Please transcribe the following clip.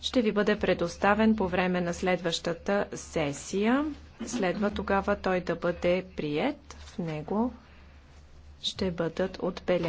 ще ви бъде предоставен по време на следващата сесия. Следва тогава той да бъде прият. В него ще бъдат отбелязани.